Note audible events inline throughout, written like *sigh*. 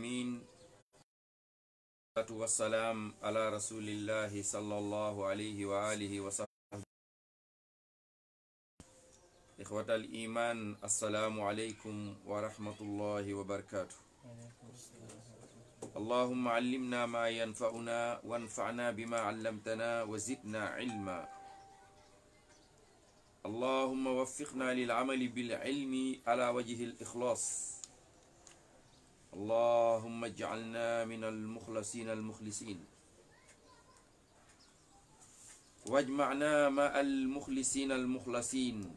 amin salaatu wassalaam ala rasulillahi sallallahu alayhi wa alihi wa sahbihi ixwatal iman assalaamu alaykum wa rahmatullahi wa barakatuh allahumma allimna ma yanfa'una wanfa'na bima 'allamtana wa zidna 'ilma allahumma waffiqna lil 'amali bil 'ilmi ala wajhi al ikhlas اللهم اجعلنا من المخلصين المخلصين واجمعنا مع المخلصين المخلصين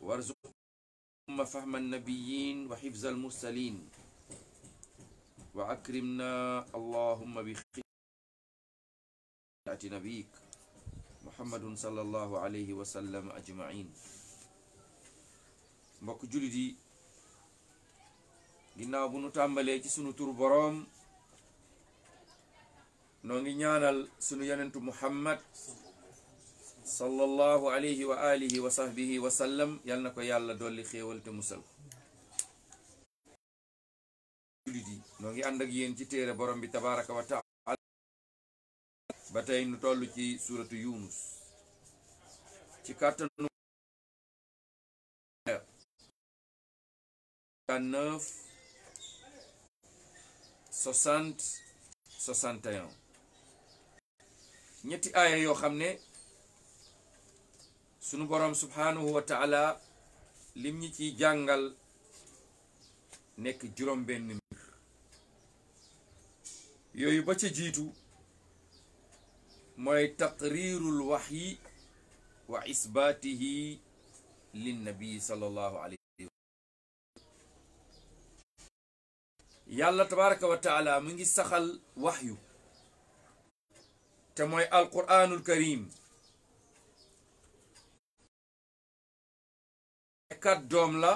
وارزقنا فهم النبيين وحفظ المرسلين وأكرمنا اللهم بخيرات نبيك محمد صلى الله عليه وسلم أجمعين mbokk jullit yi ginaaw bu nu tàmbalee ci sunu tur boroom noo ngi ñaanal sunu yonentu muhammad sallallahu alayhi wa alihi wa sahbihi wa sallam na ko yàlla dolli xéewal te musal julit noo ngi ànd ak yéen ci téere borom bi tabaraka wa taala ba tey nu toll ci suratu yunus ci kàttanu 9 soixante ñetti aaya yoo xam ne sunu boroom subhanahu wa taala lim ñi ciy jàngal nekk juróom benn mbir yooyu ba ca jiitu mooy taqriirul waxyi wa isbaatihi linnabii sallallahu yàlla tabaraka wa taala mu ngi saxal waxyu te mooy alquraanul karim kat doom la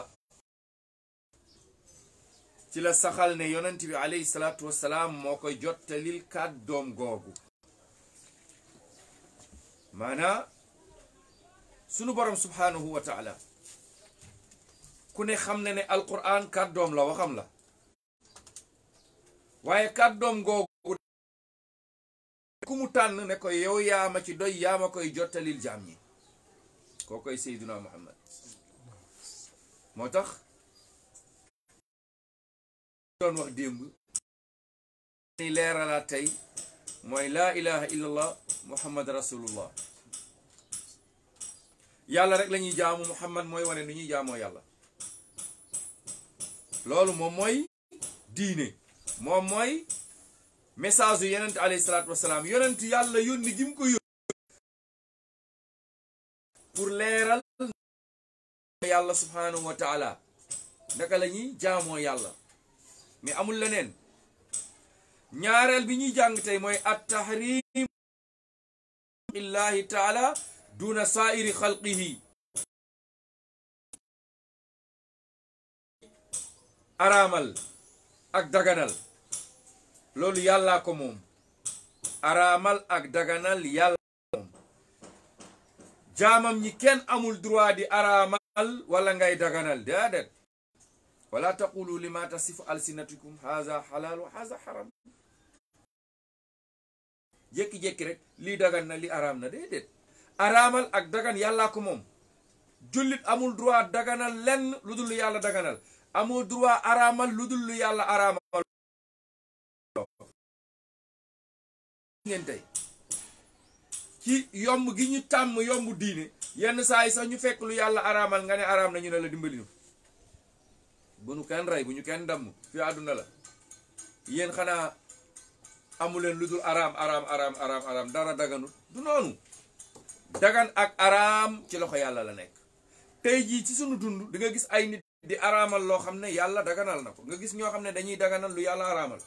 ci la saxal ne yonent bi alayhi salaatu wassalaam moo koy jottalil kat doom googu maanaa sunu borom subhaanahu wa taala ku ne xam ne ne alquraan kat doom la waxam la waaye kàddoom googu ku mu tànn ne ko yow yaa ci doy yaa koy jottalil jaam ñi koo koy Seydina Muhammad moo tax doon wax démb ni leeralaat tey mooy laa ilaha illallah muhammad rasulullah yàlla rek lañuy ñuy jaamu muhammad mooy wane nu ñuy jaamoo yàlla loolu moom mooy diine moom moy message yu yonent alayhi salaatu wasalaam yonent yàlla yónni gim ko yónni pour leeral yàlla subhaanahu wa taala ndaka la ñuy jaamoo yàlla mais amul leneen ñaareel bi ñuy jàng tey mooy at tahrim illahi taala duna saa'iri xalqihi araamal ak daganal loolu yàllaa ko moom araamal ak daganal yàlla moom jaamam ñi kenn amul droit di araamal wala ngay daganal déedéet wala taqulu lima tasifu alsinatukum haza xalaal wa haza xaram jékki-jékki rek lii dagan na lii araam na déedéet araamal ak dagan yàllaa ko moom jullit amul droit daganal lenn lu dul yàlla daganal amul droit araamal lu dul yàlla araamal ngeen tey ci yomb gi ñu tàmm yomb diine yenn saay yi sax ñu fekk lu yàlla araamal nga ne araam na ñu ne la dimbali bu ñu kenn rey bu ñu kenn damm fi àdduna la yéen xanaa amuleen lu dul araam araam araam araam dara daganul du noonu dagan ak araam ci loxo yàlla la nekk tey jii ci sunu dund di nga gis ay nit di araamal loo xam ne yàlla daganal na ko nga gis ñoo xam ne dañuy daganal lu yàlla araamal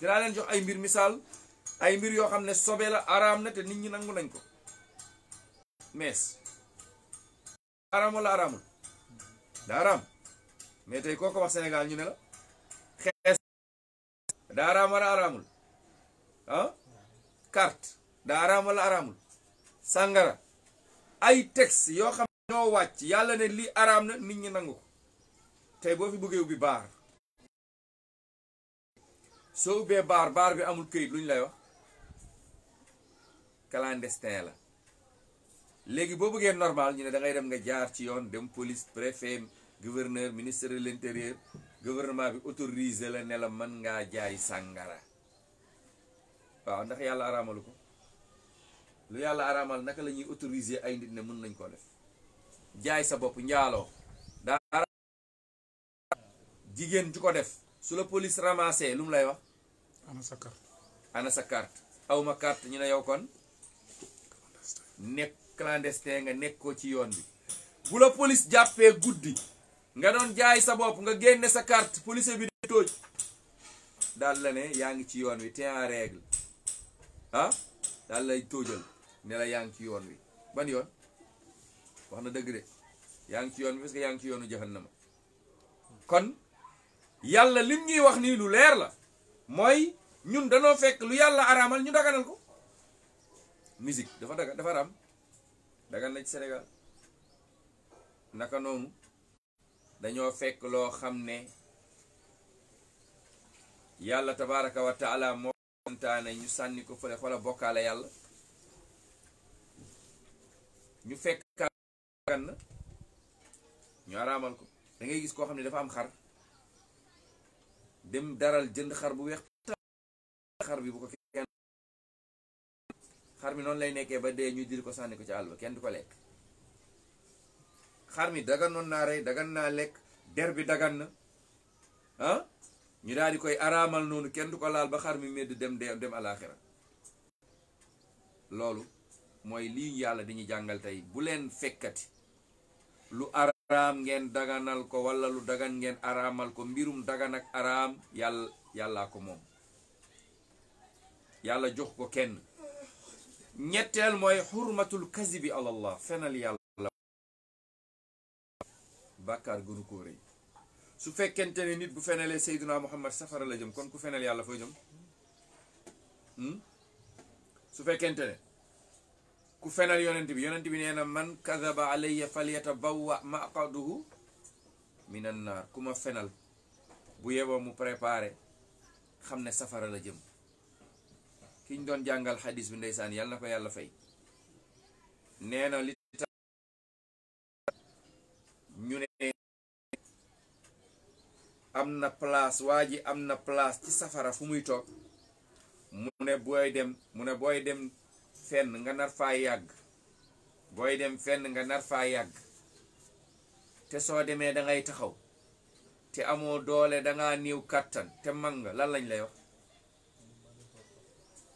dinaa leen jox ay mbir misaal ay mbir yoo xam ne sobe la araam na te nit ñi nangu nañ ko mees araam wala araamul daa araam mais tey koo wax Sénégal ñu ne la xees daa araam araamul ah daa araam wala araamul sàngara ay texte yoo xam ne wàcc yàlla ne lii araam na nit ñi nangu ko tey boo fi bëggee ubbi baar soo ubbee baar baar bi amul këyit lu ñu lay wax clandestin la léegi boo bëggee normal ñu ne da dem nga jaar ci yoon dem police préfet gouverneur ministre de l'intérieur gouvernement bi autorisé la ne la mën ngaa jaay sàngara waaw ndax yàlla araamalu ko lu yàlla araamal naka lañuy ñuy autoriser ay nit ne mën nañ koo def jaay sa bopp njaaloo daara jigéen ju ko def su la police ramassé lu mu lay wax ana sa carte ana sa carte awma carte ñu ne yow kon nekk clandestin nga nekkoo ci yoon bi bu la police jàppee guddi nga doon jaay sa bopp nga génne sa carte police bi di tooj daal la ne yaa ngi ci yoon wi te en règle ah daal lay toojal ne la yaa ngi ci yoon wi ban yoon wax na dëgg de yaa ngi ci yoon bi parce que yaa ngi ci yoonu jahannama kon yàlla lim ñuy wax nii lu leer la mooy ñun danoo fekk lu yàlla araamal ñu daganal ko musique dafa dagg dafa raam dagal na ci naka noonu dañoo fekk loo xam ne yàlla tabaraka wa taala moo kontaane ñu sànni yàlla ñu fekk dagan na ñu araamal ko dangay gis koo xam ne dafa am xar dem daral jënd xar bu weex xar bi bu ko kenn xar mi noonu lay nekkee ba dee ñu dir ko sànni ko ci àll ba kenn du ko lekk xar mi daganoon naa rey dagan naa lekk der bi dagan na ah ñu daal di koy araamal noonu kenn du ko laal ba xar mi medd dem dem alaaxira loolu mooy lii yàlla dañuy jàngal tey bu leen fekkati lu araam ngeen daganal ko walla lu dagan ngeen araamal ko mbirum dagan ak araam yàlla yàllaa ko moom yàlla jox ko kenn ñetteel mooy xurmatul kazibi alallah fenal yàlla bàkkaar gënu ko rëy su fekkente ne nit bu fenelee sayduna muhammad safara la jëm kon ku fenel yàlla foo jëm hmm? su fekkente ne ku fenal yonent bi yonent bi nee na man kadaba alayya falyatabawwa maqaduhu minan naar ku ma fenal bu yeboo mu préparé xam ne safara la jëm ki ñu doon jàngal xadis bi ndeysaan yàlla na ko yàlla fay nee na li tax ñu ne am na place waa ji am na place ci safara fu muy toog mu ne booy dem mu ne booy dem fenn nga nar faa yàgg booy dem fenn nga nar faa yàgg te soo demee dangay taxaw te amoo doole danga néew kàttan te man nga lan lañ lay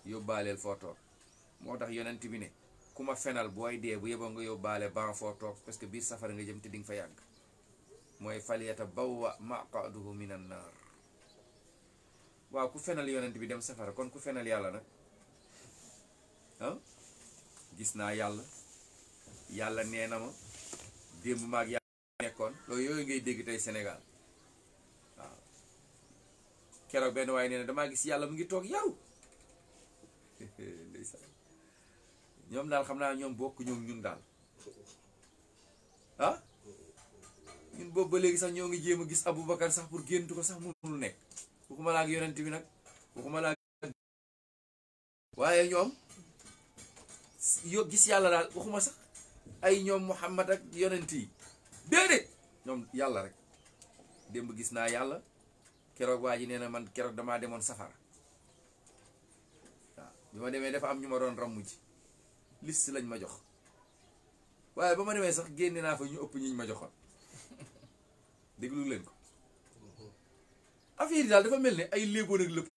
yóbbaaleel foo toog moo tax yonent bi ne ku ma fenal booy dee bu yeboo nga yóbbaale ban foo toog parce que biir safara nga jëm te di nga fa yàgg mooy faliyata bawwa maqaduhu minan naar waaw ku fenal yonent bi dem safara kon ku fenal yàlla nag gis naa yàlla yàlla nee na ma démb maag yàlla nekkoon loolu yooyu ngay dégg tey Sénégal waaw keroog benn waaye nee damaa gis yàlla mu ngi toog yaru ñoom daal xam naa ñoom bokk ñoom ñun daal ah ñun boobu ba léegi sax ñoo ngi jéem a gis Aboubacar sax pour géntu ko sax mënul nekk waxuma laa yonent bi nag waxuma waaye ñoom yo gis yàlla daal waxuma sax ay ñoom Muhammad ak yonent yi déedéet ñoom yàlla rek démb gis naa yàlla keroog waa ji nee na man keroog damaa demoon safara bi demee dafa am ñu ma doon ràmm ji liste lañ ma jox waaye ba ma demee sax génne naa fa ñu ëpp ñiñ ma joxoon *laughs* déglu ko affaire daal dafa mel ni ay léeboon ak lépp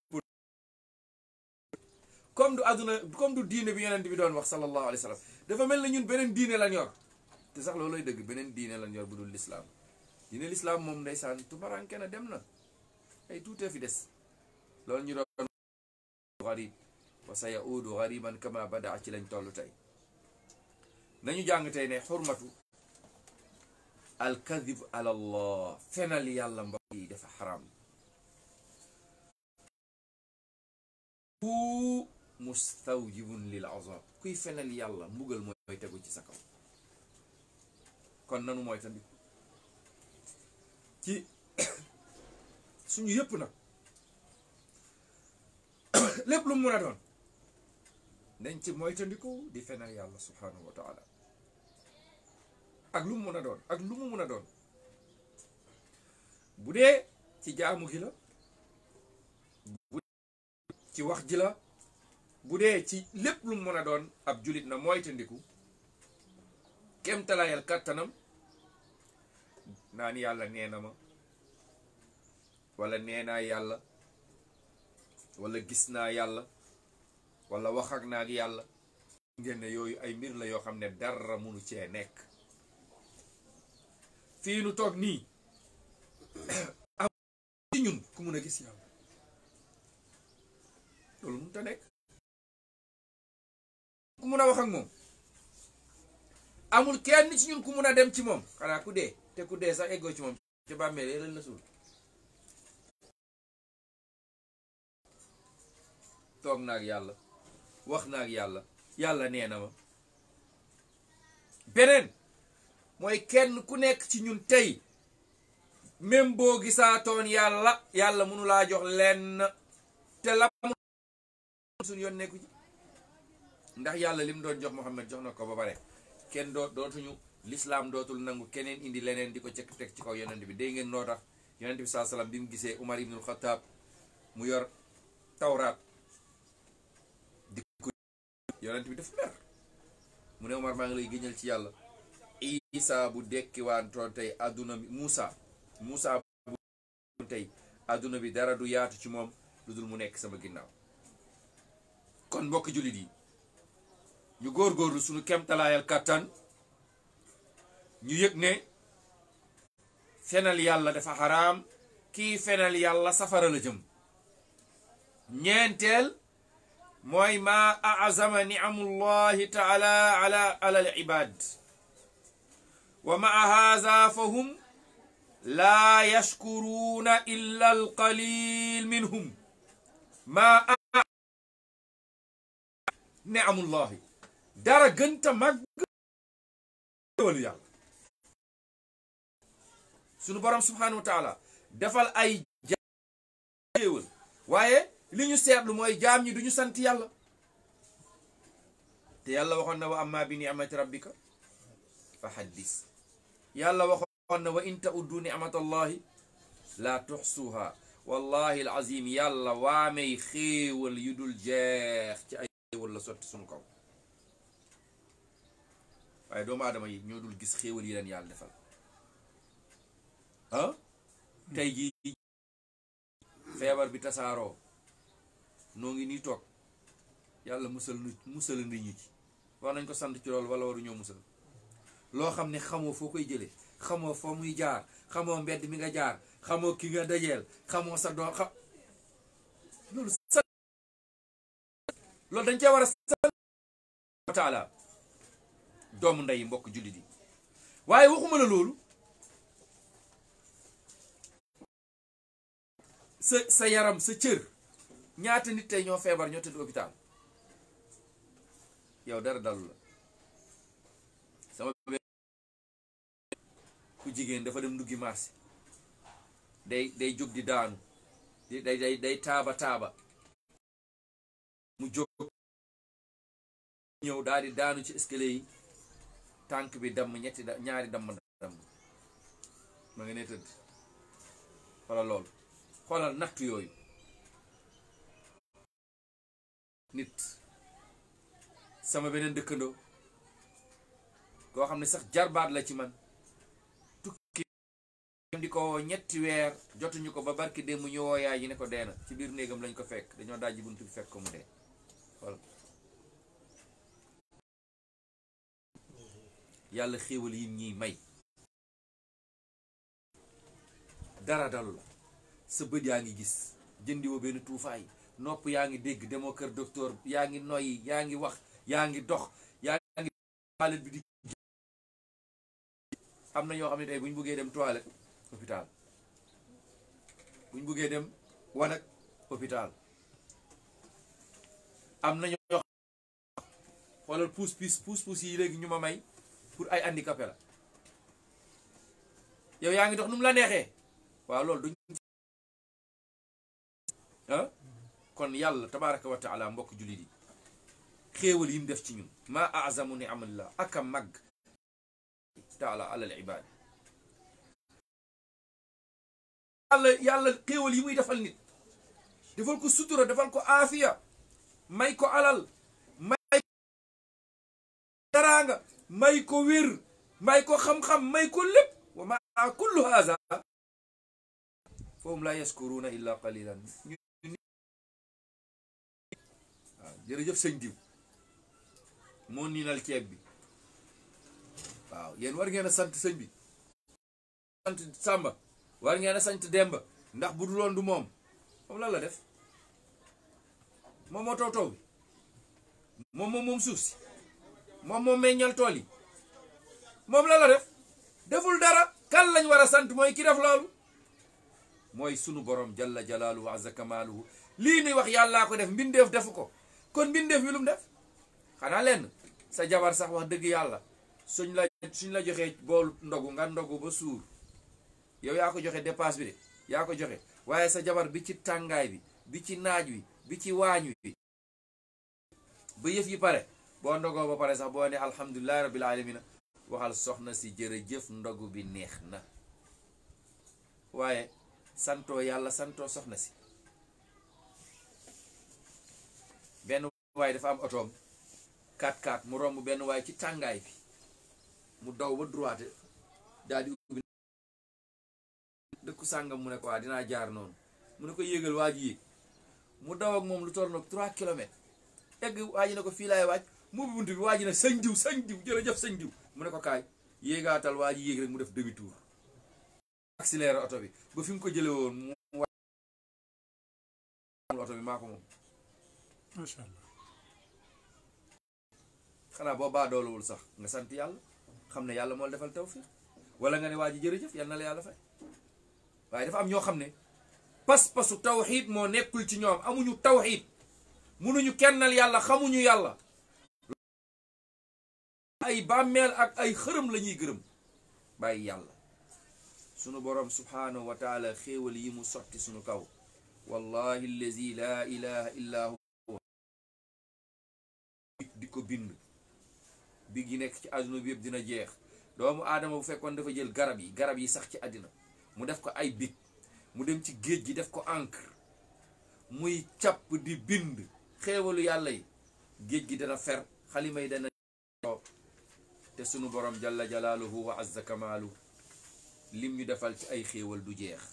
comme du àdduna comme du diine bi yonent bi doon wax sallallahu alayhi wa dafa mel ne ñun beneen diine lañ yor te sax loolooy dëgg beneen diine la yor bu dul lislaam diine lislaam moom ndeysaan tubaranke na dem na ay tuutee fi des loolu ñu doon wa sa yaudu gariban kama badaa ci lañ toll tey nañu jàng tey ne xurmatu alkadib ala allah yàlla mbokk yi dafa xaram ku mustawjibun lil azab kuy fenal yàlla mbugal mooy tegu ci sa kaw kon nanu mooy tamit ci *coughs* suñu yëpp nag *coughs* lépp lu mu a doon nañ ci moytandiku di fenal yàlla subhanahu wa ak lu mu mun a doon ak lu mu mun a doon bu dee ci jaamu gi la bu wax ji bu dee ci lépp lu mu mun a doon ab julit na moytandiku kemtalaayal kàttanam naan yàlla nee na ma wala nee naa yàlla wala gis naa yàlla wala wax ak naag yàlla ngeen ne yooyu ay mbir la yoo xam ne dara munu cee nekk fii nu toog nii *coughs* am ci a gis yàlla ku mun a wax amul kenn ci ñun ku mun a dem ci moom xanaa ku dee te ku dee sax eggoo ci moom ci bàmmeel yi la suul toog naag yàlla wax na ak yàlla yàlla nee na ma beneen mooy kenn ku nekk ci ñun tey même boo gisaatoon yàlla yàlla mënu laa jox lenn te la suñ yoon nekku ci ndax yàlla lim doon jox Muhammad jox na ko ba pare kenn doo dootuñu lislaam dootul nangu keneen indi leneen di ko cek ci kaw yonent bi day ngeen noo tax yonent bi saa salaam bi mu gisee Umar ibnul Xataab mu yor tawraat yonent bi dafa mer mu ne Omar maa ngi lay génneel ci yàlla Isa bu dekkiwaatoon tey adduna bi Moussa Moussa bu tey adduna bi dara du yaatu ci moom lu dul mu nekk sama ginnaaw kon mbokk jullit yi ñu góor góorlu suñu kemtalaayal kàttan ñu yëg ne fenal yàlla dafa xaraam kii fenal yàlla safara la jëm ñeenteel mooy maa azama niamullahi taala ala ala alibad wa maa haza fa hum laa yashkuruuna illa alqalil minhum maa niamullahi dara gënta màgg walu yàlla sunu borom subhanahu wa taala defal ay jéewal waaye li ñu seetlu mooy jaam ñi duñu sant yàlla te yàlla waxoon na wa amma bi ni'mati rabbika fa haddis yàlla waxoon na wa in ta'uddu ni'matallahi la tuxsuha wallahi alazim yàlla waamey xéewal yu dul jeex ci ay xéewal sotti suñ kaw waaye doomu aadama yi ñoo dul gis xéewal yi leen yàlla defal ah tey jii feebar bi tasaaroo noo ngi nii toog yàlla musal nu musal nit ñi war nañ ko sant ci loolu wala waruñoo musal loo xam ne xamoo foo koy jële xamoo foo muy jaar xamoo mbedd mi nga jaar xamoo ki nga dajeel xamoo sa doo xam loolu sa loolu dañ cee war a sant wa taala doomu ndey mbokk jullit yi waaye waxuma la loolu sa sa yaram sa cër ñaata nit tey ñoo feebar ñoo tëdd hôpital yow dara dalu la sama ku jigéen dafa dem nduggi marché day day jóg di daanu day day taaba taaba mu jóg ñëw daal di daanu ci escalier yi tànk bi damm ñetti ñaari damm damm ma nga ne tëdd wala loolu xoolal nattu yooyu nit sama beneen dëkkandoo koo xam ne sax jarbaat la ci man tukki di ko ñetti weer jotuñu ko ba barki démb ñu woo yaay ji ne ko dee na ci biir néegam lañ ko fekk dañoo dajji buntu bi fekk ko mu dee yàlla xéewal yi ñuy may dara dalu la sa bët yaa ngi gis jëndiwoo benn tuufaay nopp yaa ngi dégg demoo kër docteur yaa ngi noyyi yaa ngi wax yaa ngi dox yaa bi am na ñoo xam ne tey bu ñu buggee dem toilette hôpital bu ñu bëggee dem wanag hôpital am na ñoo xoolal pousse pousse pousse pousse yi léegi ñu ma may pour ay handicapé la yow yaa ngi dox nu mu la neexee waaw loolu duñ kon yàlla tabaraka wa mbokk jullit yi xéewal yi def ci ñun ma azamu niamallah ak a màgg taala alal ibaad yàlla yàlla xéewal yi muy defal nit defal ko sutura defal ko aafiya may ko alal may daraanga may ko wér may ko xam-xam may ko lépp wa ma kullu haza fahum la yaskuruna illa qalilan jërëjëf sëñ diw moo niinal ceeb bi waaw yéen war ngeen a sant sëñ bi sant sàmba war ngeen a sant demba ndax bu duloon du moom moom lan la def moom moo taw taw bi moom moom moom suuf si moom moom meññal tool yi moom lan la def deful dara kan lañ war a sant mooy ki def loolu mooy sunu borom jalla jalaaluhu azza kamaaluhu lii nuy wax yàllaa ko def mbindeef defu ko kon mbindeef mi lu xanaa lenn sa jabar sax wax dëgg yàlla suñ la suñ la joxee boolu ndogu nga ndogu ba suur yow yaa ko joxe dépense bi de yaa ko joxe waaye sa jabar bi ci tàngaay bi bi ci naaj wi bi ci waañ wi ba yëf yi pare boo ndogoo ba pare sax boo ne alhamdulilahi rabbil alamina waxal soxna si jëf ndogu bi neex na waaye santoo yàlla santoo soxna si waaye dafa am otoom 4-4 mu romb benn waaye ci tàngaay bi mu daw ba droite daal dëkku sàngam mu ne ko waa ah, dinaa jaar noonu mu ne ko yéegal waa ji yéeg mu daw moom lu toll nag 3 kilomètres egg waa ne ko fii laay waaj mu ubbi bunt bi waa ji ne sëñ diw sëñ diw jërëjëf mu ne ko kaay yéegaatal waa ji yéeg rek mu def demi tour accéléré oto bi ba fi mu ko jële woon mu waaj oto bi maa moom xanaa boo baadoolawul sax nga sant yàlla xam ne yàlla moo la defal tawfiq wala nga ne waa ji jërëjëf yal na la yàlla fay waaye dafa am ñoo xam ne pas-pasu tawxiid moo nekkul ci ñoom amuñu tawxiid munuñu kennal yàlla xamuñu yàlla ay bàmmeel ak ay xërëm lañuy gërëm bàyyi yàlla sunu borom subhaanahu wa taala xéewal yi mu sotti sunu kaw wallahi allazi laa illa huwa di ko bind bi gi nekk ci àdduna bi yëpp dina jeex doomu aadama bu fekkoon dafa jël garab yi garab yi sax ci àddina mu def ko ay big mu dem ci géej gi def ko encre muy càpp di bind xéewalu yàlla yi géej gi dana fer xalima yi dana te sunu boroom jalla jalaaluhu wa azza kamaalu lim ñu defal ci ay xéewal du jeex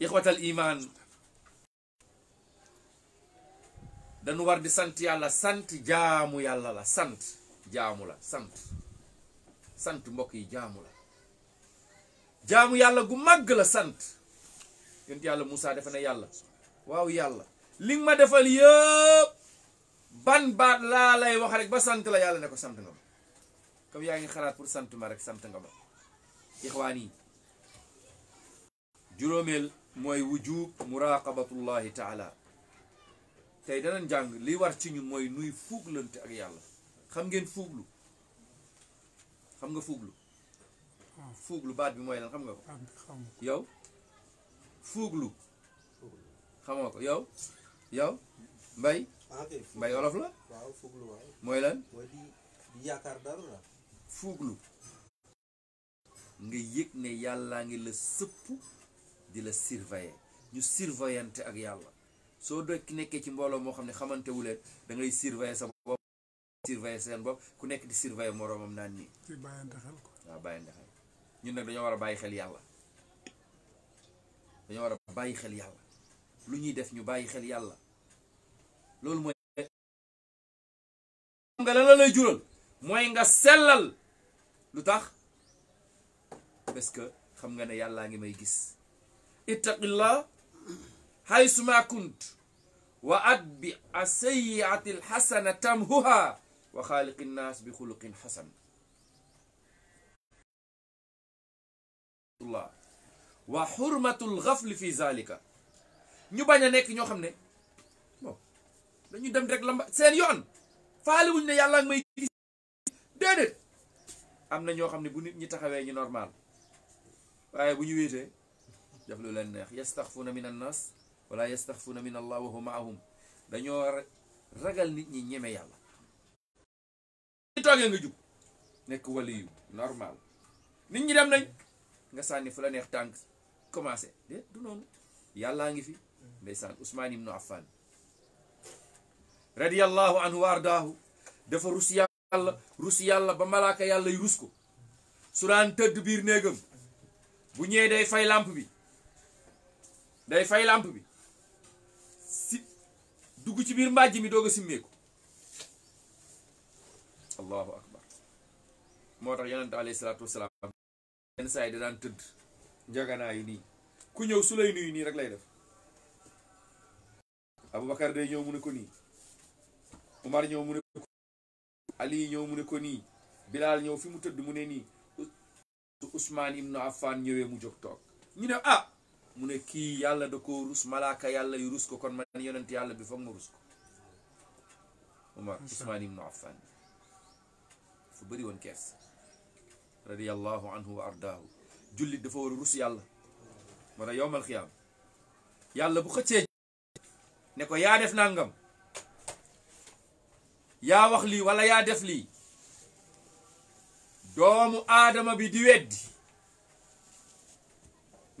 ixwatal imaan dañu war di sant yàlla sant jaamu yàlla la sant jaamu la sant sant mbokk yi jaamu la jaamu yàlla gu màgg la sant yonent yàlla Moussa dafa ne yàlla waaw yàlla li ma defal yëpp ban baat laa lay wax rek ba sant la yàlla ne ko sant nga ma comme yaa ngi xalaat pour sant ma rek sant nga ma ixwaan yi juróomeel mooy wujub muraqabatullahi taala tey danañ jàng li war ci ñu mooy nuy fuuglante ak yàlla xam ngeen fuuglu xam nga fuuglu ah. fuuglu baat bi mooy lan xam nga ko yow fuuglu xamoo ko yow yow mbay ah, mbay olof la mooy lan fuuglu nga yëg ne yàllaa ngi la sëpp di la surveiller ñu surveillante ak yàlla soo doon ki nekkee ci mbooloo moo xam ne xamante wu leen da ngay surveiller sa bopp surveiller seen bopp ku nekk di surveiller moroomam naan nii. ci bàyyante ko waaw bàyyante xel ñun nag dañoo war a bàyyi xel yàlla dañoo war a bàyyi xel yàlla lu ñuy def ñu bàyyi xel yàlla loolu mooy. xam nga lan la lay jural mooy nga sellal lu tax parce que xam nga ne yàllaa ngi may gis ittaqillah haysu ma kunt wa atbi a sayyiati alxasana tamhuha wa xaaliqi nnaas bi xuluqin xasan wa xurmatul xafli fi zalika ñu bañ a nekk ñoo xam ne bon dañu dem rek lamba seen yoon faaliwuñ ne yàlla may gis déedéet am na ñoo xam ne bu nit ñi taxawee ñu normal waaye bu ñu wéetee def lu leen neex yastaxfuuna min annas wala na min allah wa huwa maahum dañoo ragal nit ñi ñeme yàlla ñi toogee nga nit ñi dem nañ nga sànni fu la neex tànk commencé de du noonu yàllaa ngi fi ndeysaan Ousmane ibnu Affan radiyallahu anhu wa ardaahu dafa rus yàlla rus yàlla ba malaaka yàlla yu rus ko su daan tëdd biir néegam bu ñëwee day fay làmp bi day fay làmp bi dugg ci biir mbàjj mi doo a simmeeku allahu akbar moo tax yonente alayhi salaatu wasalaam yenn saa tëdd njaganaa nii ku ñëw su lay nuyu nii rek lay def aboubacar day ñëw mu ko nii umar ñëw mu ne ali ñëw mu ne ko nii bilal ñëw fi mu tëdd mu ne nii ousmane ibnu affan ñëwee mu jóg toog ñu ne ah mu ne kii yàlla da ko rus malaaka yàlla yu rus ko kon man yonent yàlla bi foog ma rus ko Omar Usmaan ibnu Affaan dafa bëri woon kees radiyallahu ardaahu jullit dafa war a rus yàlla ma ne yowmal xiyaam yàlla bu xëccee ne ko yaa def nangam yaa wax lii wala yaa def lii doomu aadama bi di weddi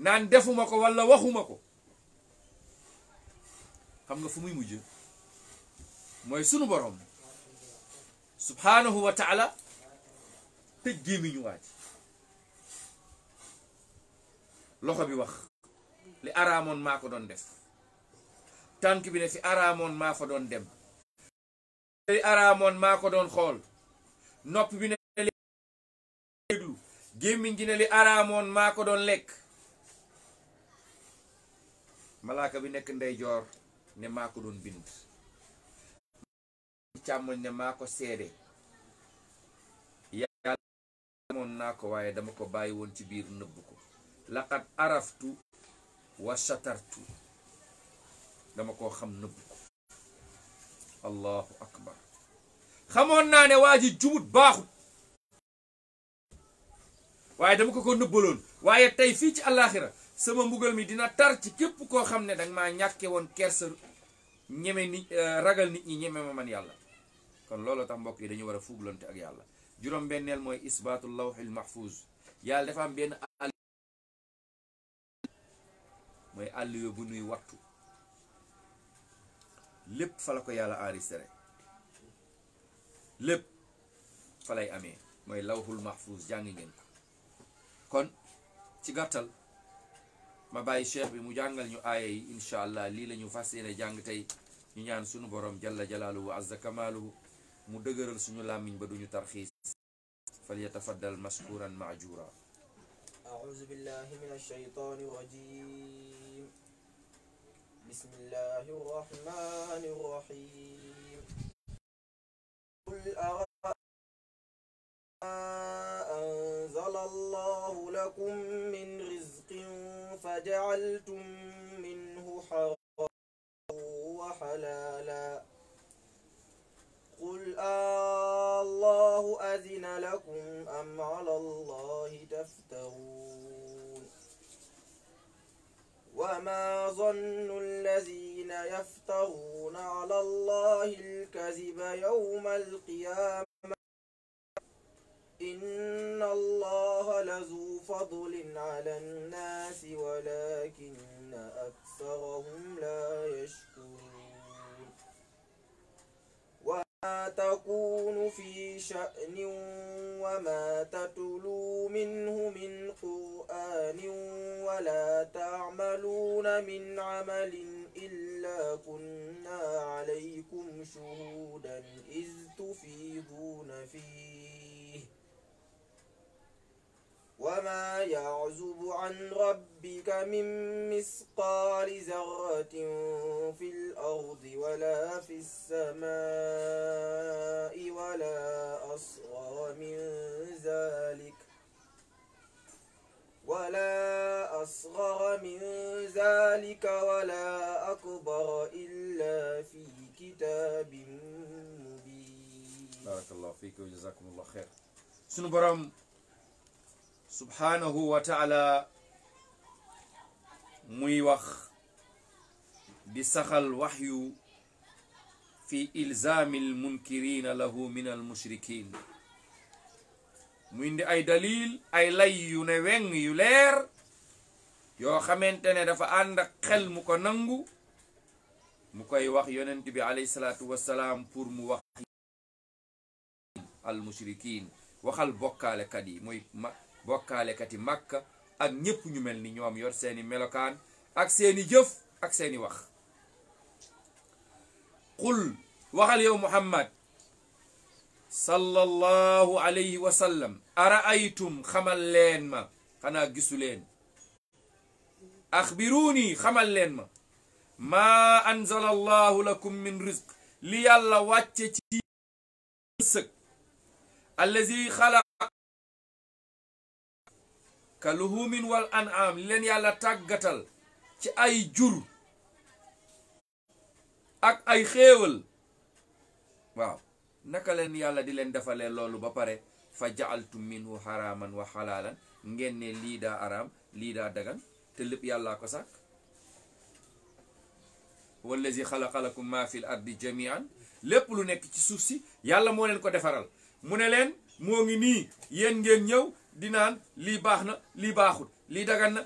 naan defuma ko walla waxuma ko xam nga fu muy mujj mooy sunu borom subhaanahu wa taala tëj gémmiñu waaj loxo bi wax li araamoon maa ko doon def tànk bi ne fi araamoon maa ko doon dem li araamoon maa ko doon xool nopp bi ne gémmiñ gi ne li araamoon maa ko doon lekk malaaka bi nekk ndeyjoor ne maa ko doon bind càmmoñ ne maa ko seede yàlla moon naa ko waaye dama ko bàyyi woon ci biir nëbb ko laqad araftu wa shatartu dama koo xam nëbb ko allahu akbar xamoon naa ne waa ji jubut baaxut waaye dama ko ko nëbbaloon waaye tey fii ci àllaaxira sama mbugal mi dina tar ci képp koo xam ne danga ma ñàkke woon kersa ñeme nit euh, ragal nit ñi ñeme ma man yàlla kon looloo tax mbokk yi dañu war a fuuglante ak yàlla juróom benneel mooy isbaatu lawxil mahfuz yàlla dafa am benn àll mooy bu nuy wattu lépp fa la ko yàlla enregistré lépp fa lay amee mooy lawxul mahfuz jàngi ngeen ko kon ci gàttal ma bàyyi cheikh bi mu jàngal ñu aaya yi incha allah lii la ñu fas yéene jàng tey ñu ñaan suñu borom jalla a azza kamaaluhu mu dëgëral suñu làmmiñ ba duñu tarxiis falyatafaddal mashkuran maajura أعوذ بالله من الشيطان الرجيم بسم الله الرحمن الرحيم قل أنزل فجعلتم منه حراما وحلالا قل آه الله أذن لكم أم على الله تفترون وما ظن الذين يفترون على الله الكذب يوم القيامة إن الله لذو فضل على الناس ولكن أكثرهم لا يشكرون وما تكون في شأن وما تتلو منه من قرآن ولا تعملون من عمل إلا كنا عليكم شهودا إذ تفيضون فيه وما يعزب عن ربك من مثقال ذرة في الأرض ولا في السماء ولا أصغر من ذلك ولا أصغر من ذلك ولا أكبر إلا في كتاب مبين بارك الله فيك وجزاكم الله خير سنبرم subhanahu wa taala muy wax di saxal waxyu fi ilzaami almunkirina lahu min almushrikin mu indi ay dalil ay lay yu ne weng yu leer yoo xamante ne dafa ànd xel mu ko nangu mu koy wax yonent bi alayhi salaatu wassalaam pour mu wax al waxal bokkaalekat yi muy ma bokkaalekati màkka ak ñépp ñu mel ni ñoom yor seeni melokaan ak seeni jëf ak seeni wax qul waxal yow muhammad sallallahu alayhi wa sallam araaytum xamal leen ma xanaa gisu leen axbiruuni xamal leen ma maa anzala allahu lakum min rizq li yàlla wàcce ci sëg allazi xalaq ka luhumin wal an'am li leen yàlla tàggatal ci ay jur ak ay xéewal waaw naka leen yàlla di leen defalee loolu ba pare fa ja'altum minhu haraman wa halalan ngeen ne lii araam lii dagan te lépp yàllaa ko sàkk wallazi xalaqa lakum ma fi l ardi jamian lépp lu nekk ci suuf si yàlla moo leen ko defaral mu ne leen moo ngi nii yéen ngeen ñëw di naan lii baax na lii baaxul lii dagan na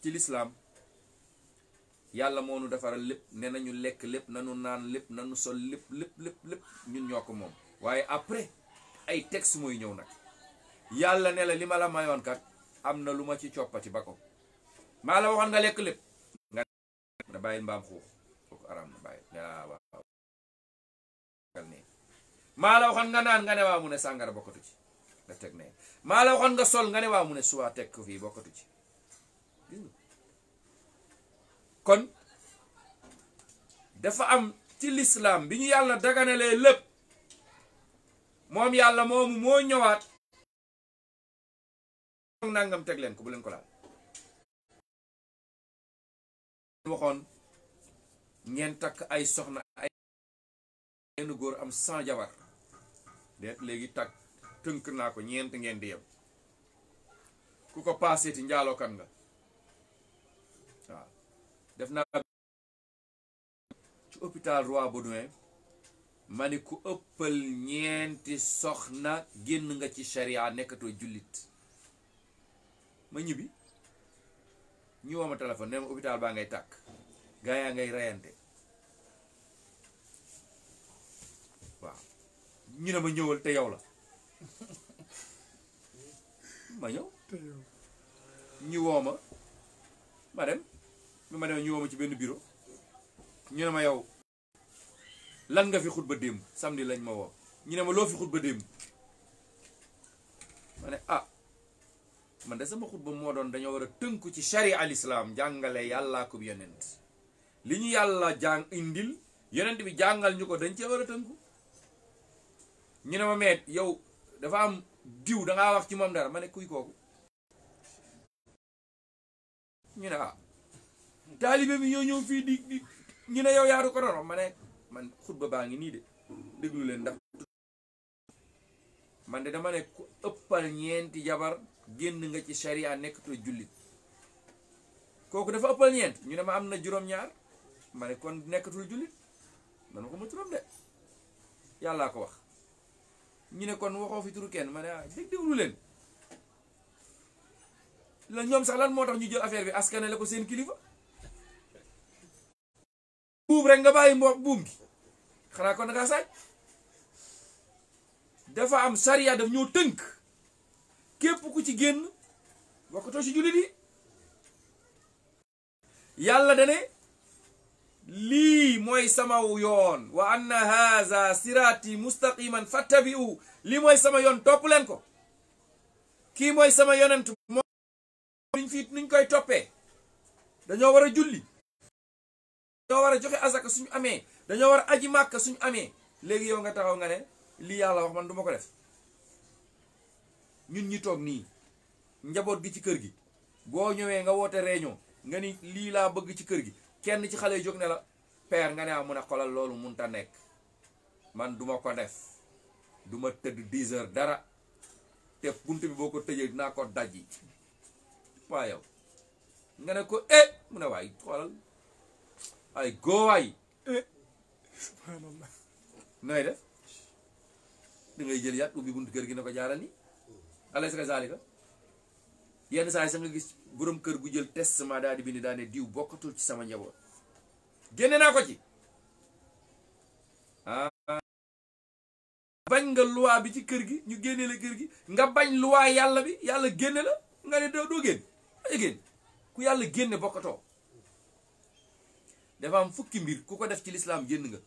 ci lislaam yàlla moo nu defaral lépp ne nañu lekk lépp nanu naan lépp nanu sol lépp lépp lépp ñun ñoo ko moom waaye après ay texte mooy ñëw nag yàlla ne la li ma la mayoon kat am na lu ma ci coppati ba ko maa la waxoon nga lekk lépp nga bàyyil mbaam xuux kooku araam na bàyyil maa la waxoon nga naan nga ne waa mu ne sàngara bokkatu ci nga teg ne maa la nga sol nga ne waa mu ne teg ko fii bokkatu ci kon dafa am ci lislaam bi ñu yàlla daganalee lépp moom yàlla moomu moo ñëwaat nangam teg leen ko bu leen ko laal waxoon ngeen takk ay soxna ay yenn góor am sans jabar de léegi takk tënk naa ko ñeent ngeen di yem ku ko paaseeti njaalookan nga waaw def naa ci hôpital Roi Baudouin ma ni ku ëppal ñeenti soxna génn nga ci charia nekkatoo jullit ma ñibbi ñu woo ma téléphone ma hôpital baa ngay tàkk gaa yaa ngay reyante ñu ne ma ñëwal te yow la ma ñëw ñu woo ma ma dem ma dem ñu woo ci benn biro ñu ne ma yow lan nga fi xutba démb samedi lañ ma woo ñu ne ma loo fi xutba démb ma ne ah man de sama xutba moo doon dañoo war a tënku ci sharia al islam jàngale yàllaa ko yonent li ñu yàlla jàng indil yonent bi jàngal ñu ko dañ cee war a tënku ñu ne ma meet yow dafa am diw dangaa wax ci moom dara mane kuy kooku ñu ne ah taalibe bi ñoo ñëw fii di ñu ne yow yaaru ko doon ma ne man xutba baa ngi nii de déglu leen ndax man de dama ne ku ëppal ñeenti jabar génn nga ci sharia nekkatoo jullit kooku dafa ëppal ñeent ñu ne ma am na juróom-ñaar ma ne kon nekkatul jullit man ma ko ma turam de yàllaa ko wax ñu ne kon waxoo fi turu kenn ma ne ah dégg déglu leen la ñoom sax lan moo tax ñu jël affaire bi askane la ko seen kilifa. buub rek nga bàyyi mboq buum gi xanaa kon dangaa saaj dafa am sariya daf ñoo tënk képp ku ci génn bokkatoo ci jullit yi yàlla dane lii mooy sama yoon wa anna haza siraati mustaqiman fattabi'u lii mooy sama yoon topp leen ko kii mooy sama yonent moo nuñ fi nuñ koy toppee dañoo war a julli dañoo war a joxe azaka suñu amee dañoo war a aji màkk suñu amee léegi yow nga taxaw nga ne lii yàlla wax man du ko def ñun ñi toog nii njaboot gi ci kër gi boo ñëwee nga woote réunion nga ni lii laa bëgg ci kër gi kenn ci xale yi jóg ne la père nga ne ah mun a xolal loolu mun munta nekk man duma ko def duma tëdd 10 heures dara te bunt bi boo ko tëjee dinaa ko dajji waa yow nga ne ko eh mu ne waay xoolal ay góowaay eh. subhanallah nooy def da jël yat ubbi buntu kër gi ne ko jaaral ni alay sa ka zalika yenn saa yi sax nga gis boroom kër gu jël testament daal di bind daane diw bokkatul ci sama njaboot génne naa ko ci ah. bañ nga loi bi ci kër gi ñu génne la kër gi nga bañ loi yàlla bi yàlla génne la nga ne doo génn ay génn ku yàlla génne bokkatoo dafa am fukki mbir ku ko def ci lislaam génn nga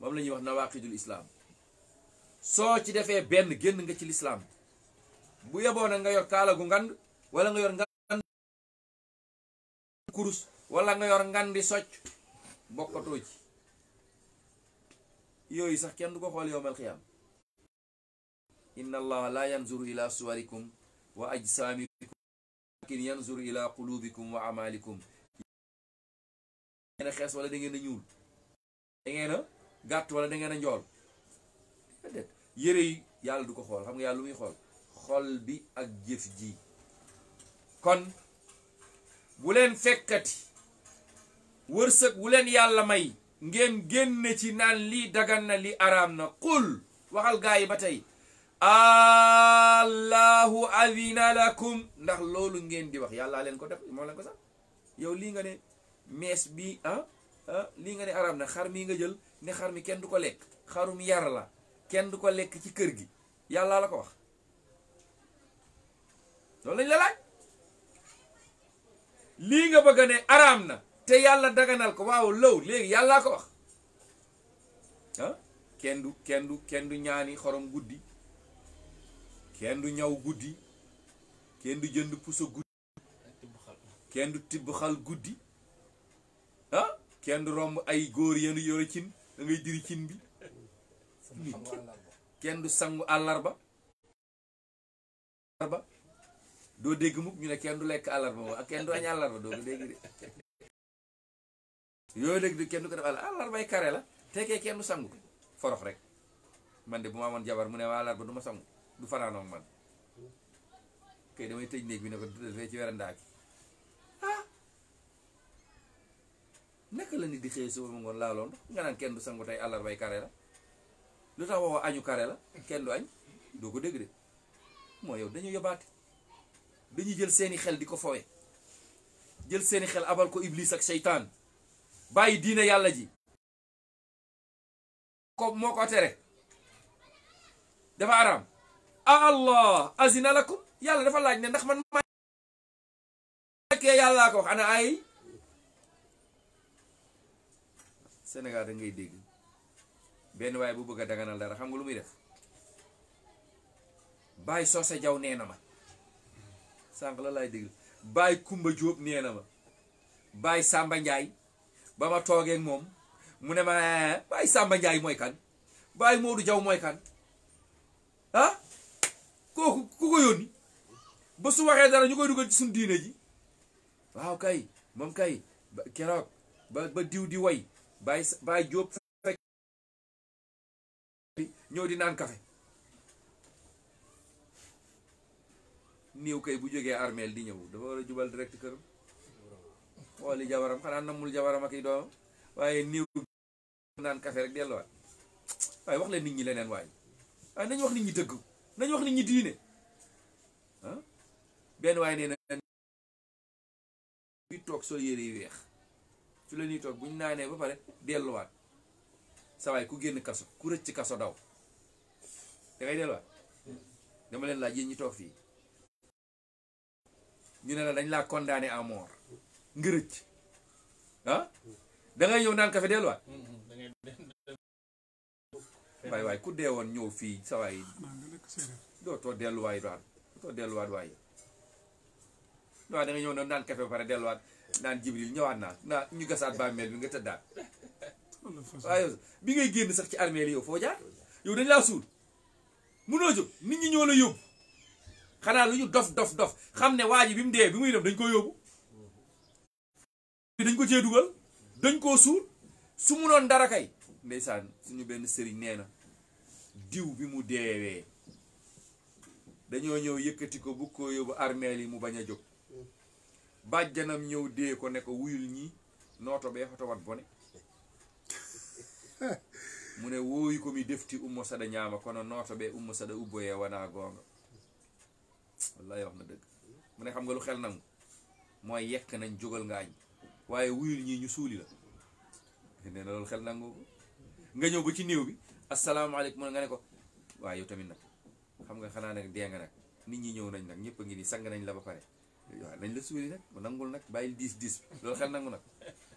moom lañuy ñuy wax nawaqidul islaam soo ci defee benn génn nga ci lislaam bu yeboo nga yor kaala gu ngand wala nga yor nga kurus wala nga yor ngan socc bokkatoo ci yooyu sax kenn du ko xool yowmal xiyaam inna allaha la yanzuru ila suwarikum wa ajsaamikum lakin yanzuru ila qulubikum wa amalikum dangeen a xees wala da a ñuul da ngeen gàtt wala da ngeen a njool yére yi yàlla du ko xool xam nga yàlla lu muy xool xol bi ak jëf ji kon bu leen fekkati wërsëg bu leen yàlla may ngeen génn ci naan lii dagan na li araam na qul waxal gaa yi ba tey allahu adina lakum ndax loolu ngeen di wax yàlla leen ko def moom leen ko sax yow lii nga ne mees bi ah, ah lii nga ne araam na xar mi nga jël ne xar mi kenn du ko lekk xarum yar la kenn du ko lekk ci kër gi yàlla la ko wax loolu lañ la laaj lii nga bëgg ne araam na te yàlla daganal ko waaw law léegi yàllaa ko wax ah kenn du kenn du kenn du ñaani xorom guddi kenn du ñaw guddi kenn du jënd puso guddi kenn du tibb xal guddi ah kenn du romb ay góor yenu yore cin da ngay diri cin bi kenn du sangu àllarba àllarba doo dégg mukk ñu ne kenn du lekk àllarba boobu ak kenn du añ àllarba doo ko dégg de yooyu léegi du kenn du ko def àllarbay kare la tekkee kenn du sangu forox rek man de bu ma amoon jabar mu ne waa àllarba du ma sangu du fanaanoog man ci werandaa bi ah naka la nit di xëy kenn du sangu tey àllarbay kare la lu tax waxoo añu kare la kenn du añ doo ko dégg de moo yow dañu yóbbaate dañuy jël seeni xel di ko fowe jël seeni xel abal ko iblis ak seytaan bàyyi diina yàlla ji ko moo ko tere dafa araam a allah azina lakum yàlla dafa laaj ne ndax man ma nekkee yàllaa ko wax ay Sénégal da ngay dégg benn waaye bu bëgg a daganal dara xam nga lu muy def bàyyi soose jaw nee na ma sànq lalay laay déglu Baye Kumba Diop nee na ma Baye Samba Ndiaye ba moom mu ne ma Baye Samba Ndiaye mooy kan Baye Modou Diaw mooy kan ah kooku ku ko yónni ba su waxee dara ñu koy dugal ci suñu diine ji waaw kay moom kay keroog ba ba di way Baye Baye Diop fekk ñëw di naan kafe niiw kay bu jógee armeel di ñëw dafa war a jubal direct këram xooli jabaram xanaa namul jabaram ak i doomam waaye niiw naan café wax leen nit ñi leneen waay waaye wax nit ñi dëgg nañu wax nit ñi diine ah benn waaye nee na bi toog soo yére yu weex fi la ñuy toog bu ñu naanee ba pare delluwaat sa ku génn kaso ku rëcc kaso daw da ngay delluwaat dama leen laaj yéen ñi toog fii ñu ne la dañ laa condamné à mort nga rëcc ah? ñëw naan kafe delluwaat waay waay ku dee woon ñëw fii sa waay dootoo delluwaay daal dootoo delluwaat waay waaw da nga ñëw noonu naan café ba delluwaat naan jibril ñëwaat naa naa ñu gasaat bàmmeel bi nga tëddaat waaye bi ngay génn sax ci armée li yow foo jaar yow dañ laa suul munoo jóg nit ñi ñoo la yóbbu xanaa lu ñu dof dof dof xam ne waa ji bi mu dee bi muy dem dañ ko yóbbu dañ ko cee dugal dañ koo suul su mu noon dara kay ndeysaan suñu benn sëriñ nee na diw bi mu deewee dañoo ñëw yëkkati ko bu ko yóbbu armeel yi mu bañ a jóg bàjjanam ñëw dee ko ne ko wuyul ñii nooto bee xoto wat bone *laughs* mu ne wooyu ko mi defti ummo saɗa ñaama kono nooto ɓe ummo saɗa ubboye wona goonga wallaay wax na dëgg mu ne xam nga lu xel nangu mooy yekk nañ jógal nga añ waaye wuyul ñii ñu suuli la nee na loolu xel nangu nga ñëw ba ci néew bi asalaamaaleykum nga ne ko waaye yow tamit nag xam nga xanaa ne dee nga nag nit ñi ñëw nañ nag ñëpp a ngi nii sang nañ la ba pare nañ la suuli nag mu nangul nag bàyyi diis diis bi loolu xel nangu nag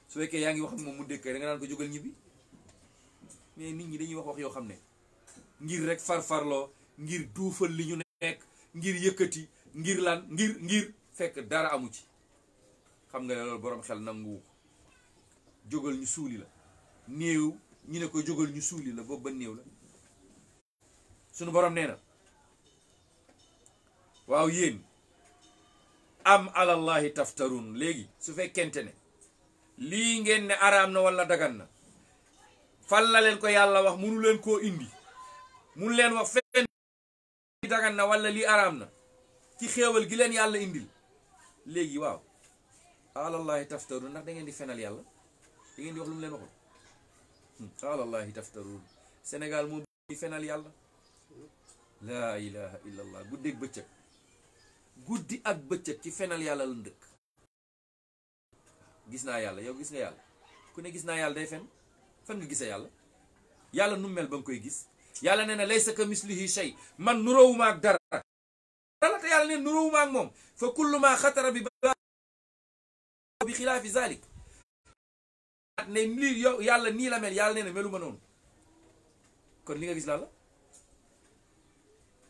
su fekkee yaa ngi wax moom mu dëkk da nga naan ko jógal ñibbi mais nit ñi dañuy wax wax yoo xam ne ngir rek farfarloo ngir duufal li ñu nekk ngir yëkkati ngir lan ngir ngir fekk dara amu ci xam nga ne loolu boroom xel nangu jógal ñu suuli la néew ñu ne ko jógal ñu suuli la boobu ba néew la sunu boroom nee na waaw yéen am alallahi taftarun léegi su fekkente ne lii ngeen ne araam na walla dagan na fan la leen ko yàlla wax munu leen koo indi munu leen wax dagan na lii araam na ci xéewal gi leen yàlla indil léegi waaw alallahi taftaru ndax dangeen di fenal yàlla da ngeen di wax lu mu leen waxul hmm, alallahi taftaru Sénégal moo di fenal yàlla laa ilaha illa guddi ak bëccëg guddi ak bëccëg ci fenal yàlla la ndëkk gis naa yàlla yow gis nga yàlla ku ne gis naa yàlla day fen fan gis gisee yàlla yàlla nu mel ba nga koy gis yàlla nee na nii la mel yàlla nee na meluma noonu kon li nga gis lan la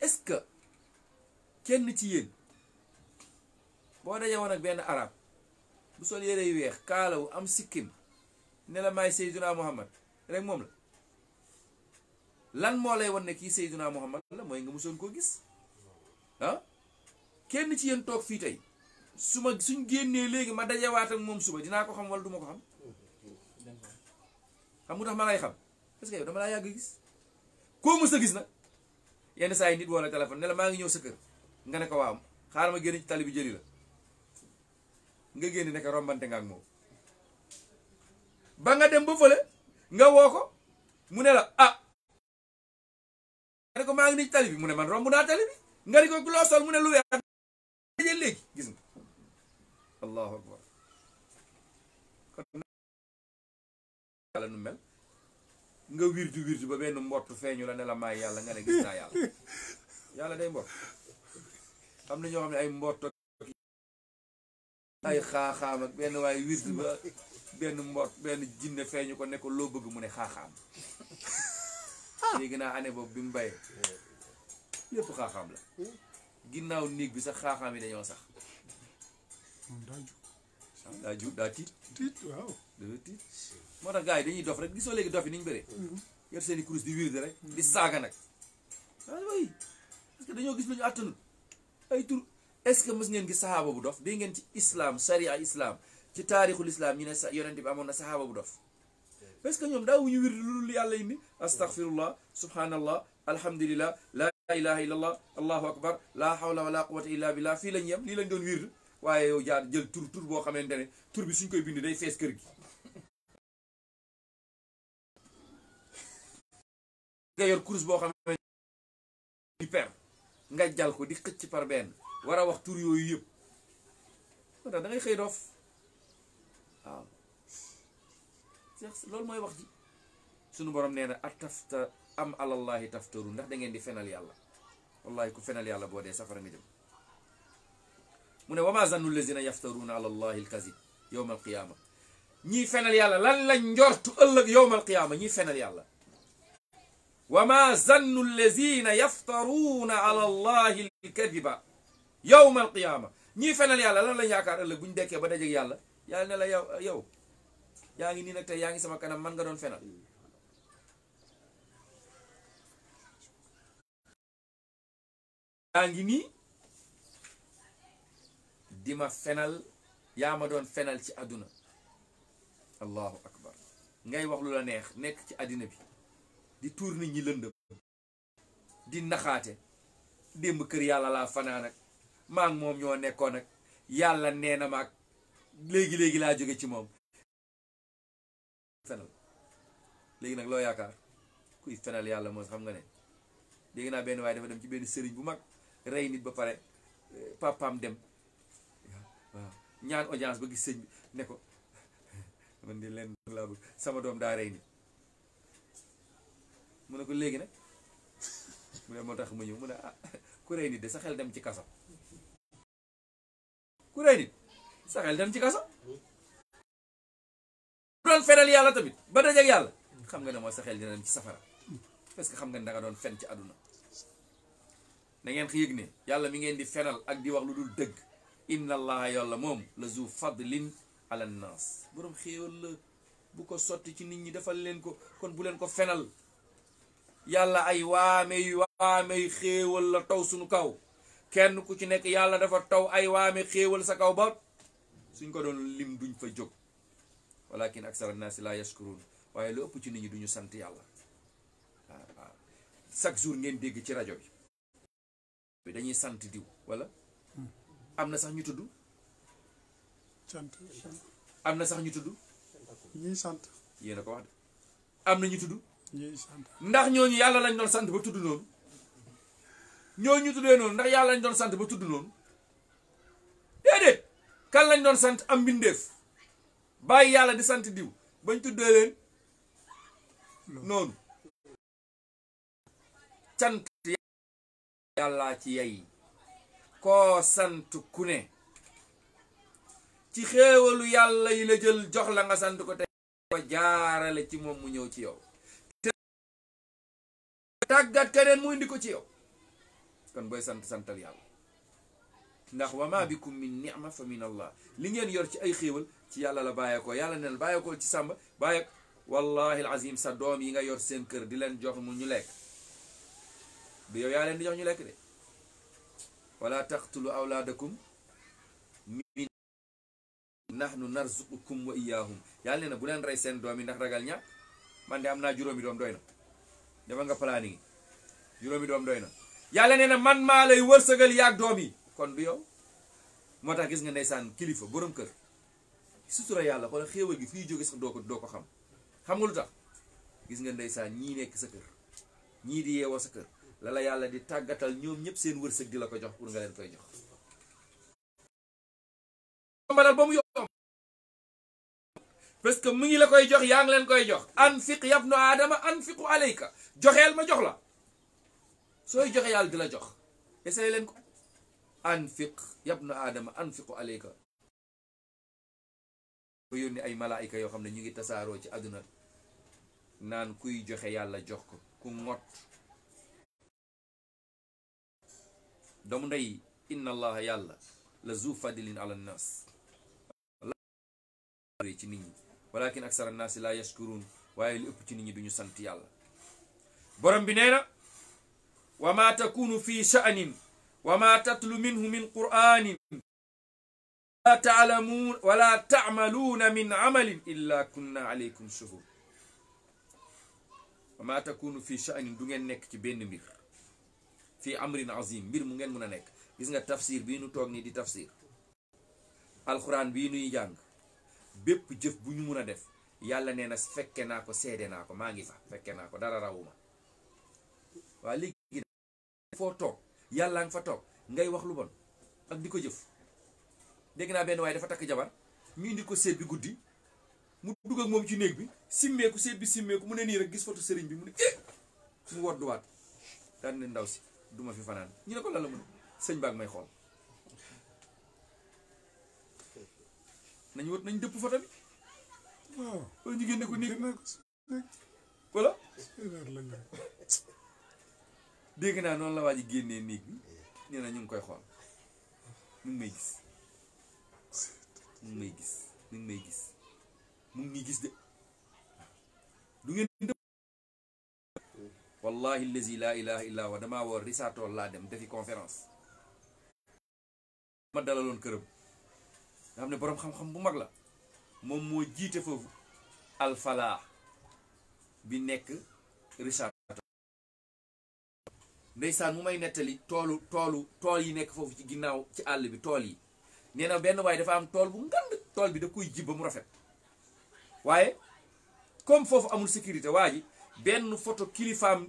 est-ce que kenn ci yéen boo dajee woon ak benn arab bu sol yére yu weex kaalawu am sikkim ne la maay Seydina Muhammad rek moom la lan moo lay wan ne kii Seydina Muhammad la mooy nga mosoon koo gis ah kenn ci yéen toog fii tey su ma suñ génnee léegi ma dajewaat ak moom suba dinaa ko xam wala du ma ko xam xam mu tax ma lay xam parce que yow dama laa yàgg gis koo mës a gis nag yenn saa yi nit woo la téléphone ne maa ngi ñëw sa kër nga ne ko waaw xaaral ma génn ci tali bi jëli la nga génn nekk rombante nga ak moom ba nga dem ba fële nga woo ko mu ne la ah, nga ne tali bi mu ne man romb naa tali bi nga lu weex jël léegi gis nga allahu yàlla nu mel nga wirdu wirdu ba benn mbott feeñu la ne la maay yàlla nga ne gis naa yàlla yàlla day mbott am na ñoo xam ne ay mbott ay xaaxaam ak benn waaye wirdu ba benn mbott benn jinne feeñu ko ne loo bëgg mu ne xaaxaam léegi naa année boobu bi mu béyee lépp xaaxaam la ginnaaw néeg bi sax xaaxaam yi dañoo sax daa ju daa tiit tiit waaw dafa tiit moo tax gars yi dañuy dof rek gisoo léegi dof yi ni ñu bëree mm-hmm. yor seen i kurus di wirde rek di saaga nag a dañoo gis lu ñu àttanut ay tur est-ce que mës ngeen gis saxaaba bu dof dégg ngeen ci islaam sharia islam ci taarixul islam ñu ne sax yonente bi amoon na saxaaba bu dof parce que ñoom daawuñu wir lu yàlla indi astaghfirullah subhanallah alhamdulillah la ilaha illa allah allahu akbar la hawla wala quwwata illa billah fii lañ yem lii lañ doon wir waaye yow jaar jël tur tur boo xamante ne tur bi suñ koy bind day fees kër gi yor course boo xamante di per nga jal ko di xëcc par benn war a wax tur yooyu yëpp moo tax da xëy dof waaw loolu mooy wax ji sunu borom nee na atafta am alallahi taftaru ndax da ngeen di fenal yàlla wallahi ku fenal yàlla boo dee safara nga jëm mu ne wama zannu lazina yaftaruuna ala allahi alkazib yowma alqiyama ñii fenal yàlla lan la njortu ëllëg yowma ma ñii fenal yàlla wama zannu lazina yaftaruuna ala allahi alkadiba yowma alqiyama ñii fenal yàlla lan lañ yaakaar ëllëg buñ dekkee ba dajeeg yàlla yàlla ne yow yaa ngi nii nag tey yaa ngi sama kanam man nga doon fenal yaa ngi di ma fenal yaa doon fenal ci àdduna allahu akbar ngay wax lu la neex nekk ci àddina bi di tuur nit ñi lëndëm di naxaate démb kër yàlla laa fanaan maa ngi moom ñoo nekkoon ak yàlla nee na ak léegi-léegi laa jóge ci moom fenal léegi nag loo yaakaar kuy fenal yàlla moos xam nga ne léegi naa benn waaye dafa dem ci benn sëriñ bu mag rey nit ba pare eh, papaam dem waaw ñaan audience ba gis sëñ bi ne ko *laughs* man di leen laa sama doom daa rey mu ne ko léegi nag *laughs* mu ne moo tax mu ñëw mu ne ah ku rey nit de sa xel dem ci kaso ku rey nit sa xel dem ci kaso doon fenal yàlla tamit ba dajeeg yàlla xam nga ne mooy sa xel dina dem ci safara parce que xam nga ne da doon fen ci àdduna na ngeen ne yàlla mi ngeen di fenal ak di wax lu dul dëgg inna allaha yàlla moom la zu fadlin ala boroom xéewal la bu ko sotti ci nit ñi defal leen ko kon bu leen ko fenal yàlla ay waame waamey waamey xéewal la taw suñu kaw kenn ku ci nekk yàlla dafa taw ay waame xéewal sa kaw ba suñ ko doon lim duñ fa jóg walakin aksar annaasi laa yashkurun waaye lu ëpp ci nit ñi duñu sant yàlla waaw waaw chaque jour ngeen dégg ci rajo bi dañuy sant diw wala hmm. am na sax ñu tudd sant am na sax ñu tudd ñuy sant yéen a ko wax de am na ñu tudd ñuy sant ndax ñooñu yàlla lañ doon sant ba tudd noonu ñooñu ñu tuddee noonu ndax yàlla lañ doon sant ba tudd noonu déedéet kan lañ doon sant am mbindeef bàyyi yàlla di sant diw bañ tuddee leen noonu cant yàllaa ci yey koo sant ku ne ci xéewalu yàlla yi la jël jox la nga sant ko te ko jaarale ci moom mu ñëw ci yow te tàggat keneen mu indi ko ci yow kon booy sant santal yàlla ndax wa ma bikum min nicma fa min allah li ngeen yor ci ay xéewal ci yàlla la bàyyeekoo yàlla neen bàyyeekoo ci sàmba bàyyeek wallahi alazim sa doom yi nga yor seen kër di leen jox mu ñu lekk yow yaa leen di ñu lekk de wala taqtulu awlaadakum min nahnu narzuqukum wa iyaahum yàlla nee na bu leen rey seen doom yi ndax ragal ña man de am naa juróomi doom doy na defa nga planning juróomi doom doy na yàlla nee man maa lay wërsëgal yaag doom yi kon du yow moo tax gis nga ndeysaan kilifa borom kër sutura yàlla xoolal xéewal gi fii jóge sax doo ko doo ko xam xam nga lu tax gis nga ndeysaan ñii nekk sa kër ñii di yeewoo sa kër la yàlla di tàggatal ñoom ñëpp seen wërsëg di la ko jox pour nga leen koy jox. yombalal parce que mu ngi la koy jox yaa ngi leen koy jox anfiq yabnu aadama anfiqu alayka joxeel ma jox la sooy joxe yàlla di la jox essayé leen ko. anfiq yabna aadama anfiqu aleyka ba yónni ay malaayka yoo xam ne ñu ngi tasaaroo ci àdduna naan kuy joxe yàlla jox ko ku ŋot doomu ndey inna allaha yàlla la zu fadilin ala nnaas ci nit ñi walakin aksara nnaasi la waaye li ëpp ci nit ñi duñu sant yàlla borom bi nee na wa fi sha'nin وما تتلو منه من قرآن لا تعلمون ولا تعملون من عمل إلا كنا عليكم شهود وما تكون في شأن du ngeen nekk ci benn mbir fii amrin azim mbir mu ngeen mën a nekk gis nga tafsir bii nu toog nii di tafsir alxuraan bi nu jàng bépp jëf bu ñu mun a def yàlla nee na fekke naa ko seede naa ko maa ngi fa fekke naa ko dara rawuma waa léegi yàllaa nga fa toog ngay wax lu bon ak di ko jëf dégg naa benn waaye dafa takk jabar ñu indi ko seet bi guddi mu dugg ak moom ci néeg bi simmeeku seet bi simmeeku mu ne nii rek gis foto sëriñ bi mu ne eh mu wodduwaat daan ne ndaw si duma fi fanaan ñu ne ko lan la mu ne sëñ baag may xool nañ wut nañ dëpp foto bi waaw ñu ko néeg voilà dégg naa noonu la waa ji génnee néeg bi nee na ñu ngi koy xool mu ngi may gis mu ngi may gis mu ngi may gis mu ngi may de du ngeen dëpp wallahi lazi laa ilaha illa wa damaa woor risaatool laa dem defi conférence ma dalaloon këram nga xam ne boroom xam-xam bu mag la moom moo jiite foofu alfalaa bi nekk risaat ndeysaan mu may nettali toolu toolu tool yi nekk foofu ci ginnaaw ci àll bi tool yi nee na benn waaye dafa am tool bu ngand tool bi da koy ji ba mu rafet waaye comme foofu amul sécurité waa ji benn photo kilifaam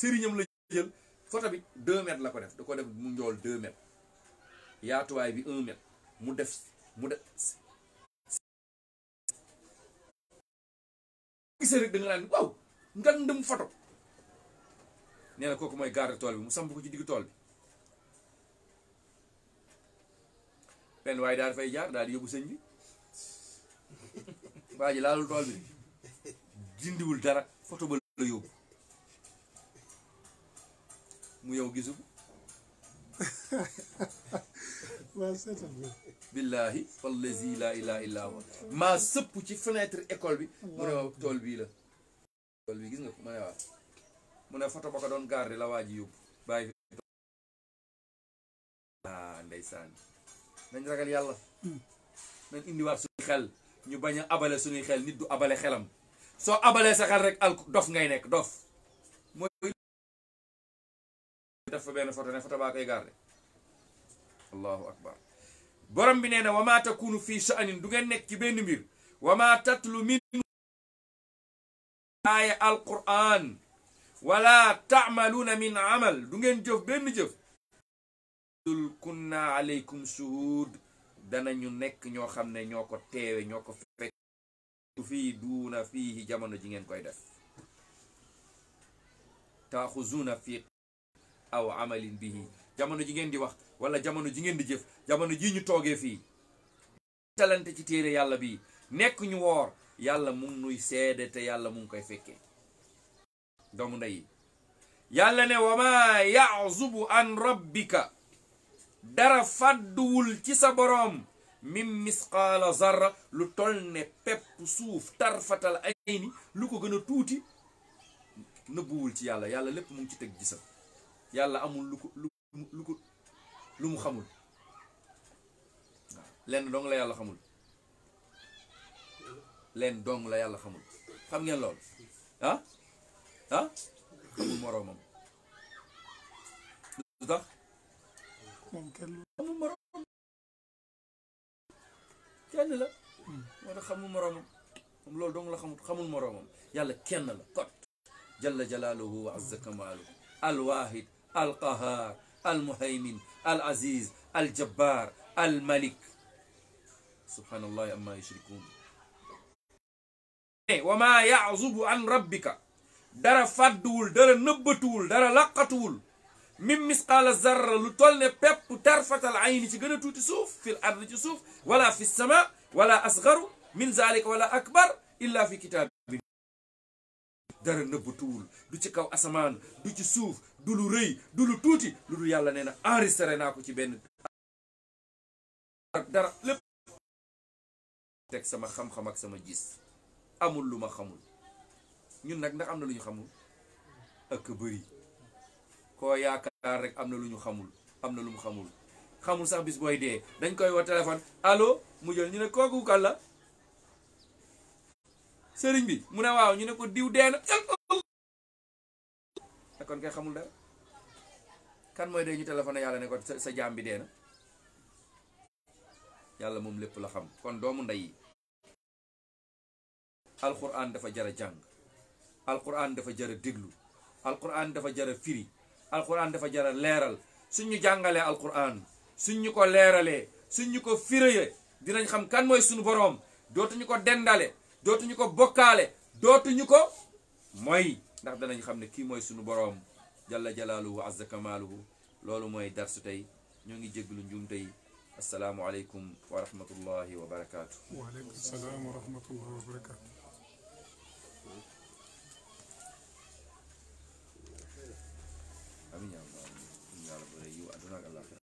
sëriñam la jël photo bi deux mètres la ko def da def mu njool deux mètres yaatuwaay bi un mètre mu def mu def gisee rek da nga naan waaw ngandum photo nee na kooku mooy garde tool bi mu samp ko ci diggu tool bi benn waaye daal fay jaar daal di yóbbu sëñ bi *laughs* waa laalul tool bi dindiwul dara photo ba la yóbbu mu yow gisu ko *laughs* billaahi wallazi laa ilaaha illaa maa sëpp ci fenêtre école bi mu ne tool bii la tool bi gis nga ko ma ne mu ne photo ba doon garde la waa ji yóbbu ah, ndeysaan nañ ragal yàlla hmm. nañ xel ñu bañ a abale suñuy xel nit du abale xelam soo abalee sa ngay nekk dof mooy benn photo ne baa koy garde allahu akbar borom bi nee wamaat wama takunu fi sha'anin du ngeen nekk ci benn mbir wama tatlu min aaya alquran wala taamaluuna min amal du ngeen jëf benn jëf dul kunna aleykum shuhud danañu nekk ñoo xam ne ñoo ko teewe ñoo ko fekk fii duuna fiihi jamono ji ngeen koy def taaxuzuuna fii aw amalin bihi jamono ji ngeen di wax wala jamono ji ngeen di jëf jamono ji ñu toogee fii talante ci téere yàlla bi nekk ñu woor yàlla mu ngi nuy seede te yàlla mu ngi koy fekkee doomu ndey yi yàlla ne wama yazubu an rabbika dara fàdduwul ci sa boroom min misqaala zarra lu tol ne pepp suuf tarfatal ay ni lu ko gën a tuuti nëbbuwul ci yàlla yàlla lépp mu ngi ci teg gisa yàlla amul lu ko lu mu xamul waaw lenn dong la yàlla xamul lenn dong la yàlla xamul xam ngeen loolu ah? ah amul moroomam lu tax amul moroomam kenn la hmm. moo tax xamul moroomam moom loolu dong la xamul xamul moroomam yàlla kenn la kot jalla jalaaluhu wa azza kamaaluhu alwaahid alqahaar almuhaymin al aziz al jabbaar al malik subhaanallahi amma yushrikuun eh, wa maa yazubu an rabbika dara fàdduwul dara nëbbatuwul dara laqatuwul mim misqaala zarra lu toll ne pepp tarfatal ayni ci gën a tuuti suuf fil ard ci suuf wala fi sama wala asgaru min zalika wala akbar illa fi kitaabin dara nëbbatuwul du ci kaw asamaan du ci suuf du lu rëy du lu tuuti lu dul yàlla nee na enregistré naa ko ci benn dara lépp teg sama xam-xam ak sama gis amul lu ma xamul ñun nag ndax am na lu ñu xamul ak bëri koo yaakaar rek am na lu ñu xamul am na lu mu xamul xamul sax bis booy dee dañ koy woo téléphone allo mu jël ñu ne kooku kan sëriñ bi mu ne waaw ñu ne ko diw dee na te *laughs* kon kay xamul dara kan mooy dee ñu téléphone yàlla ne ko sa jaam bi dee na yàlla moom lépp la xam kon doomu ndey alxuraan dafa jara jàng alquran dafa jar a déglu alquran dafa jar a firi alquran dafa jar leeral suñu ñu jàngalee alquran suñ ñu ko leeralee suñ ñu ko firee dinañ xam kan mooy suñu boroom dootuñu ko dendale dootuñu ko bokkaale dootuñu ko mooy ndax danañ xam ne kii mooy suñu boroom jalla jalaaluhu azza kamaaluhu loolu mooy darsu tey ñoo ngi jéglu njum tey assalaamu aleykum wa rahmatullahi wa wa barakaatu. Caminhão.